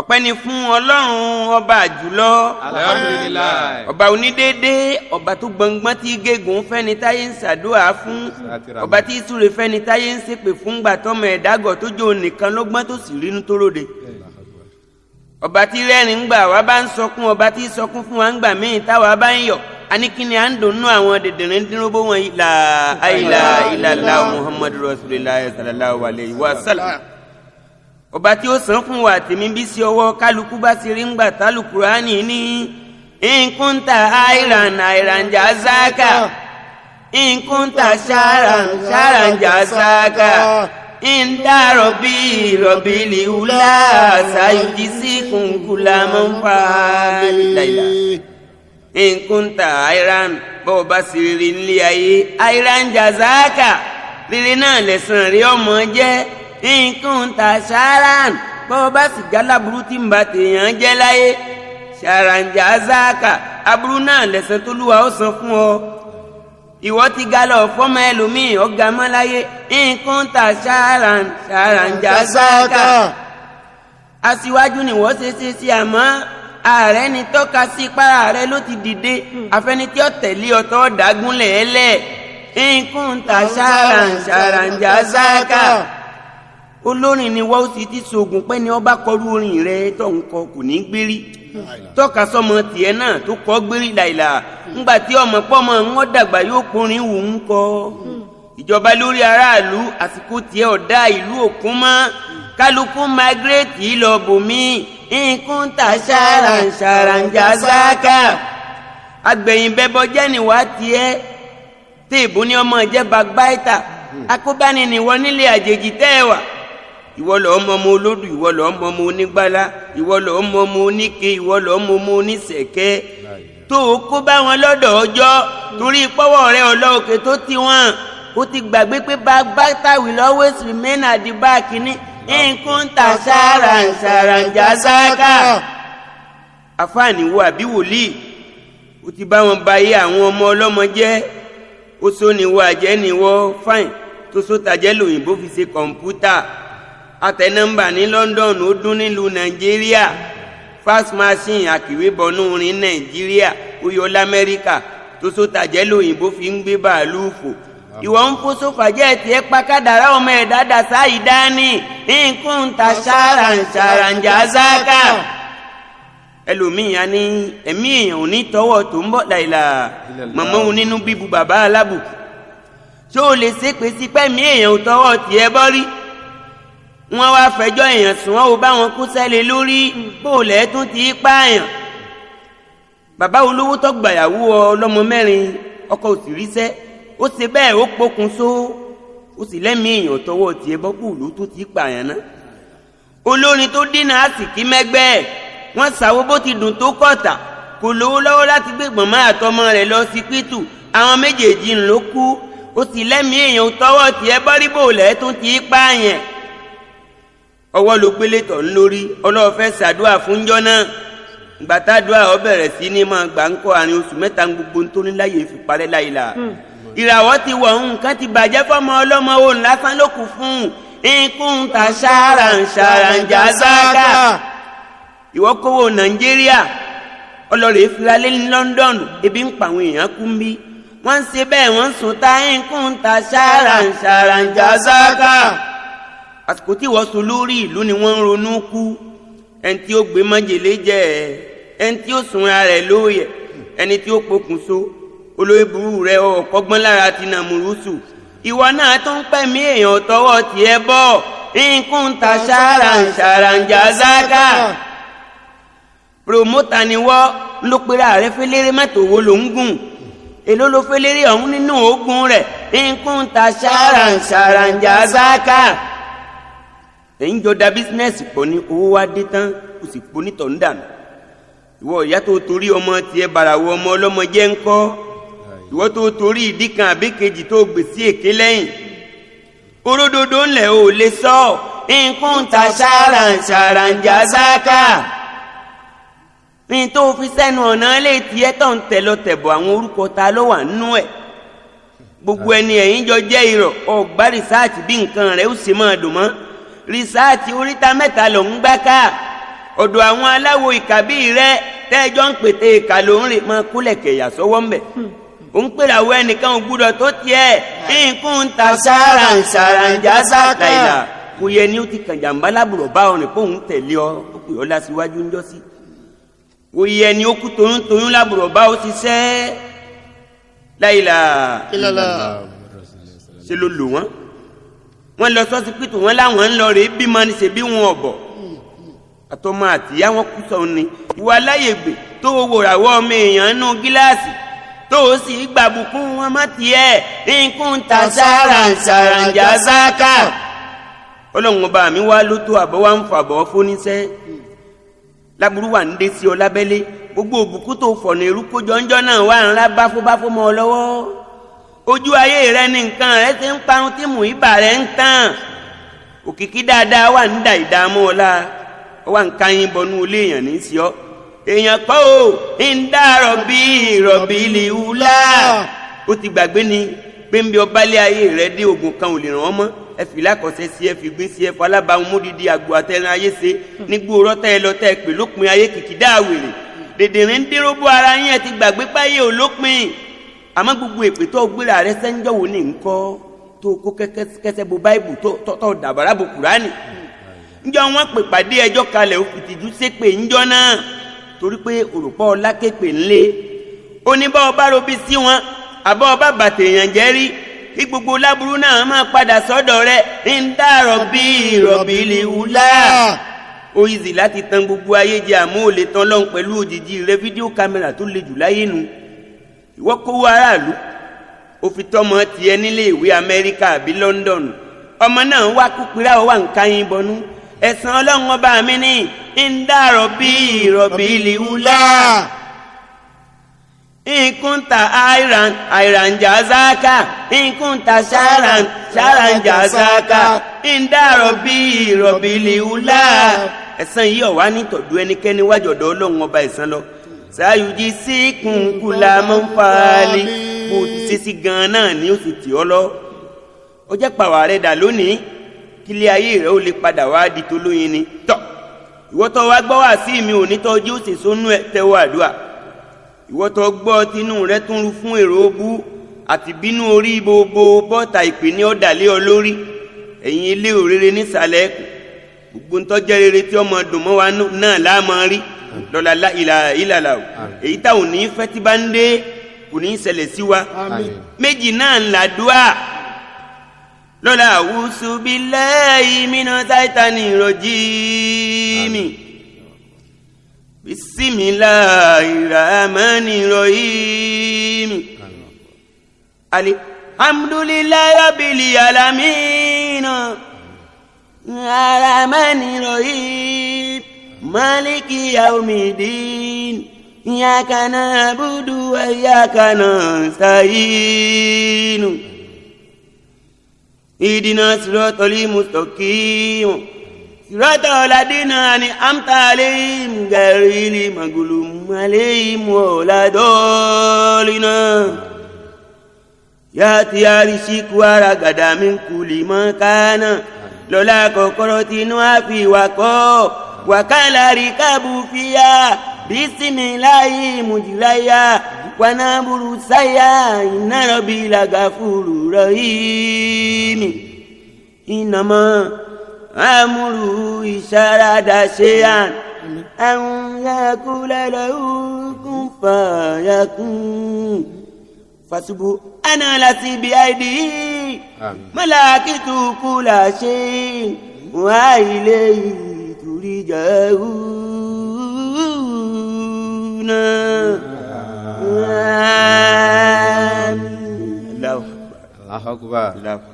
ọpẹ́ ni fún ọlọ́run ọba àjùlọ alhamdulilayi ọba onídéédé ọba tó gbọngbọ́n tí gégùn fẹ́ni táyé ń ṣàdúrà fún ọba tí ìsúre fẹ́ni táyé ń ṣépè fún gbàtọ́mọ ẹ̀dágọ̀ tó jó nìkan lọ́gbọ́n tó sì rínú tó ròde ọba tí rẹ́rìn ń gbà wá bá ń sọkún ọba tí sọkún fún wa ń gbà míì táwa bá ń yọ̀ anikini à ń dùnnú àwọn dèdèrè ń dínrúbó wọn ilà àìlà ìlàlá muhammadu rasulillah sallallahu alayhi wa sallam ọba tí ó san fún wa tèmi bí sí ọwọ́ kálukú bá ti rí ńgbà tálùkùránì ní nkúntà àìràn àìrànjà záàkà nkúntà ṣàràn ṣàrànjà záàkà ńdá rọ̀bì rọ̀bì lìhùlá ṣàyùjì sí kùnkùlà mọ́fà nílàìlà nkúntà àìràn bọ́ọ̀ bá sì rí nílé ayé àìrànjà záàkà rere náà lẹ̀sán rí ọmọ jẹ́ nǹkan ta ṣáàrán bó bá sì jálá burú tí ń ba tèèyàn jẹ́ láyé ṣàràǹjà záàkà aburú náà lẹ̀sẹ̀ tó lúwa ó san fún ọ ìwọ ti ga lọ fọmọ ẹlòmíì ọgá mọ láyé nǹkan ta ṣáàrán ṣàràǹjà záàkà aṣíwájú ni wọ́n ṣe ṣe sí àmọ́ ààrẹ ni tọ́ka sí ipá ààrẹ ló ti dìde hmm. afẹnití ọ̀tẹ̀lé ọ̀tọ̀ ọ̀dàgúnlẹ̀ ẹlẹ́ẹ̀ nǹkan ta ṣáàrán ṣàràǹjà záàkà. olórin ni wọ́n sì ti sògùn pé ni ọba kọlu orin rẹ tó ń kọ kò ní gbérí tọ́ka sọmọ tiẹ̀ náà tó kọ́ gbérí làìlà ńgbà tí ọmọ pọ́mọ ńwọ́n dàgbà yóò kọrin wù ń kọ ìjọba lórí aráàlú àsìkò tiẹ̀ ọ̀dá ìlú òkun mọ́ kálukú mágrètì lọ bòmí nǹkan tà ṣàràǹṣàràǹjà sáàkà agbẹ̀yìn bẹ́bọ jẹ́ nìwá tiẹ̀ téèbù ni ọmọ ìjẹba gbáìtà akóbániniwọ nílé àjèjì tẹ́ ẹ wà. ìwọ lọ mọ ọmọ olódù ìwọ lọ mọ ọmọ onígbálá ìwọ lọ mọ ọmọ oníke ìwọ lọ mọ ọmọ onísẹkẹ tó o kó bá wọn lọ́dọ̀ ọjọ́ torí pọwọ rẹ ọlọòkè tó ti wọn o ti gbàgbé pé bàbá tàwí lọ́wọ́ èsì mẹ́nà àdìbá kínní nǹkan tà sára sára jà sáká. àfààní wo àbí wòlíì o ti bá wọn ba iye àwọn ọmọ ọlọ́mọ jẹ́ o sọ ni wo àjẹ́ ni wọ́n fáìn tó sọ tàjẹ́ lòyìnbó fi ṣe kọ̀ǹpútà atẹnumba ní London ó dún nílùú Nàìjíríà fax machine àkìwébọnú rin Nàìjíríà ó yọ lamẹ́ríkà tó sótàjẹ́ lòyìnbó fi ń gbé bàálù fò ìwọ ń kó sófàjẹ́ tiẹ̀ pàkádàrá ọmọ ẹ̀dá dàsá ìdání nǹkan ta ṣàràǹṣàràǹjà záàkà ẹlòmíì á ní ẹ̀mí èèyàn ò ní tọwọ́ tó ń bọ̀ dàìlà màmá òun nínú bíbu bàbá alábù ṣó o lè ṣépè sí pẹ́ẹ́mí èèyàn ò tọwọ́ tiẹ̀ bọ́ rí wọ́n wá fẹjọ́ èèyàn sùn wọ́n ò bá wọn kú sẹ́lẹ̀ lórí bóòlẹ̀ tún ti pààyàn bàbá olówó tó gbàyàwó ọlọ́mọ mẹ́rin ọkọ ò sì ríṣẹ́ ó ṣe bẹ́ẹ̀ ó pokùn só ó sì lẹ́mìí èèyàn tọwọ́ tiẹ̀ bọ́ bóòlù tún ti pààyàn ná olórin tó dínà àsìkí mẹ́gbẹ́ ẹ̀ wọ́n ṣàwo bó ti dùn tó kọ̀tà kò lówó lọ́wọ́ láti gbé gbọ̀nmọ́ àtọmọ rẹ̀ lọ sípítù àwọn méjèèjì ńlọ kú ó sì lẹ́mìí èèyàn tọwọ́ tiẹ̀ bọ́rí bóòlẹ̀ tún ti pààyàn ọwọ́ ló gbélé tọ̀ ń lórí ọlọ́run fẹ́ ṣàdúrà fúnjọ́ náà gbàtàdúrà ọ bẹ̀rẹ̀ sí ní máa gbà ń kọ́ àárín oṣù mẹ́ta gbogbo tó ní láyè fi parẹ́ láyè la hmm. ìràwọ̀ ti wọ̀ nǹkan ti bàjẹ́ fọmọ ọlọ́mọ òun lásán ló kù fún nkún ta ṣáàrà ń ṣàrà ń jà sáàkà ìwọ́kọ̀wọ́ nàìjíríà ọlọ́rẹ̀ ìfìlálẹ́ ní London ebi ń pa àwọn èèyàn kú mbí wọ́n ń ṣe bẹ́ẹ̀ wọ́n ń sùn ta nkún ta ṣáàrà ń ṣàrà ń jà sáàkà àsìkò tí wọ́n so lórí ìlú ni wọ́n ń ronú kú ẹni tí ó gbé májèlé jẹ ẹ ẹni tí ó sunra rẹ̀ lóye ẹni tí ó pokùnso olóyè burú rẹ ọ kọ́gbọ́n lára ti nà múrùsù ìwọ náà tó ń pẹ̀mí èèyàn tọwọ́ tiẹ̀ bọ̀ nǹkan ta ṣàràǹṣàràǹjà záká promota ni wọ́n ló pera rẹ fẹ́lẹ́rẹ́ mẹ́tò wo ló ń gùn èló ló fẹ́lẹ́rẹ́ ọ̀hún nínú oògùn rẹ̀ nǹkan ta ṣàràǹṣàràǹjà záká èyí jọ da bísínẹ́sì pọ̀ ní owó wá dé tán kò sì po nítọ̀ ń dànù ìwọ ìyá tó torí ọmọ tiẹ̀ bàràwọ ọmọ ọlọ́mọ jẹ́ ń kọ́ ìwọ tó torí ìdí kan àbí kejì tó gbèsè èké lẹ́yìn orododo ńlẹ̀ ò lè sọ nǹkan ta ṣàràǹṣàràǹjà sáká ní tó fi sẹ́nu ọ̀nà lè tiẹ̀ tó ń tẹ̀lọ tẹ̀bọ̀ àwọn orúkọ ta ló wà nínú ẹ̀ gbogbo ẹni ẹ̀yìn jọ jẹ́ irọ́ ọ̀gbá rìsáàtì bí nǹkan rẹ̀ ó sì máa dùn mọ́ rìsáàtì oríta mẹ́ta ló ń gbá ká ọ̀dọ̀ àwọn aláwo ìkàbí rẹ tẹ́jọ́ ń pète ìkà ló ń rè mọ́ kúlẹ̀kẹ̀yà sọ́wọ́ ń bẹ̀ ó ń pèrè àwọn ẹnìkan ògbúdọ̀ tó tiẹ̀ nǹkan ta sára sára ìjà sáka kò yẹ ni ó ti kàn jàǹbá lábùrọ̀ bá ọ̀rìn pé òun tẹ̀lé ọ ó pè ọ́ lásìwájú ń jọ́sí kò yẹ ni ó kú toyúntoyún lábùrọ̀ bá ó ti sẹ́ láìla ṣe ló lò wọ́n wọ́n lọ sọ́sibítù wọ́n láwọn ń lọ rèé bímọ ní ṣe bí wọn ọ̀bọ̀ àtọmọ àtìyá wọn kú sọ ni ìwà láyègbè tó wò ràwọ ọmọ èèyàn nú gíláàsì tó o sì gbàbùkún wọn má tiẹ̀ nǹkan ta sàràǹsàràǹjà sáká. ọlọ́run ọba mi wá ló tó àbọ̀ wá ń fàbọ̀ fóníṣẹ́ láburú wà ń dé sí ọ lábẹ́lé gbogbo òbùkún tó fọ̀nà èrú kójọ ńjọ́ náà wà ń rá báfóbáfó mọ́ ọ lọ́wọ́. ojú ayé rẹ nìkan nǹkan rẹ ti ń parun tí mùíbà rẹ ń tàn òkìkí dáadáa wà ń da ìdààmú ọ̀la wà ń ka yín bọnú ilé èèyàn ní sí ọ èèyàn kọ́ ò ń dá rọ̀bì rọ̀bì lè wúlá ah! ó ti gbàgbé ni pé ń bí ọbalẹ̀ ayé rẹ dé oògùn kan ò lè ràn ọ́ mọ́ ẹ fi lákọ̀ọ́sẹ́ sí ẹ fi gbé sí ẹ falábàámu múdìdí àgbo àtẹran ayé ṣe hmm. nígbó rọ́tà ẹ lọ́tà ẹ pè lópin ayé kìkì dáàwèrè hmm. dèdèrè ń dérò bó ara yín ẹ ti gbàgbé páyé ò àmọ́ gbogbo èpè tó gbélé ààrẹ sẹ́ńjọ́wò ní nǹkan tó kó kẹsẹ́ bo báìbù tó dàbàrà bo kùránì ńjọ́ wọn pè pàdé ẹjọ́ kalẹ̀ ó fìtìjú ṣépè ńjọ́ náà torí pé òrùpọ̀ lákèpè ńlé oníbọ̀ ọba robi sí wọn àbọ̀ ọba bàtèèyàn jẹ́ rí gbogbo láburú náà máa padà sọ́dọ̀ tan gbogbo ayé jẹ àmọ́ ò lè tan lọ́hùn rẹ fídíò kámẹ́rà tó le jù láyé ìwọ kówó aráàlú ó fi tọmọ tiẹ̀ nílé ìwé àbí london ọmọ náà wá kúpìrá ó wà ń ká yín bọnú ẹ̀sán ọlọ́run ọba mi ní ń jazaka sharan sharan jazaka ndàrọ̀ bí ìrọ̀bí ìlìwúlá ọba ẹ̀sán sayuji síkùn kula mọ́fàálì kò ti ṣe sí gan náà ní oṣù tí ọ lọ ó jẹ́ pàwọ́ rẹ̀ dà lónìí kílé ayé rẹ̀ ó lè padà wá di tolóyin ni tọ́ ìwọ́tọ̀ wá gbọ́ wá sí mi ò ní tọ́jú ó sì sónú ẹ̀ tẹ́wọ́ àdúrà ìwọ́tọ̀ gbọ́ tinú rẹ̀ tún rú fún èrò bú àti bínú orí gbogbo bọ́ta ìpè ní ọ̀dàlẹ́ ọ lórí ẹ̀yìn ilé òrèrè nísàlẹ̀ ẹ̀kọ́ gbogbo ń tọ́jẹ́ rere tí ọmọ dùn mọ́ wa náà láàmọ́ rí lọ́la la ìlà ìlà la o èyí tá ò ní fẹ́ tí bá ń dé kò ní ṣẹlẹ̀ sí wa méjì náà ń la lọ́la àwùsù bí lẹ́yìn mìíràn táìtánì rọ̀jì mi bisimilá ìràmánì rọ̀yì mi alihamdulilayi rabili alamina ìràmánì rọ̀yì mi maliki yaumidin iyaka na'budu wa iyaka nasta'inu idina sirotoli mustaqimu sirotol ladina ani amta alayhim garili magulum alayhim waladolina yàtí arísíkú ara gàdá mi kùlì mọ́ kánà lọ́la kọ̀kọ́rọ́ tinú àfi wà kọ́ وقال ركبوا فيها بسم الله مجريا ونابر سيا إن ربي لغفور رحيم إنما أمره إشارة شيئا أن يقول له كن فيكون فسبحان الذي بيده ملائكة كل شيء وإليه تخرجونا الله أكبر الله أكبر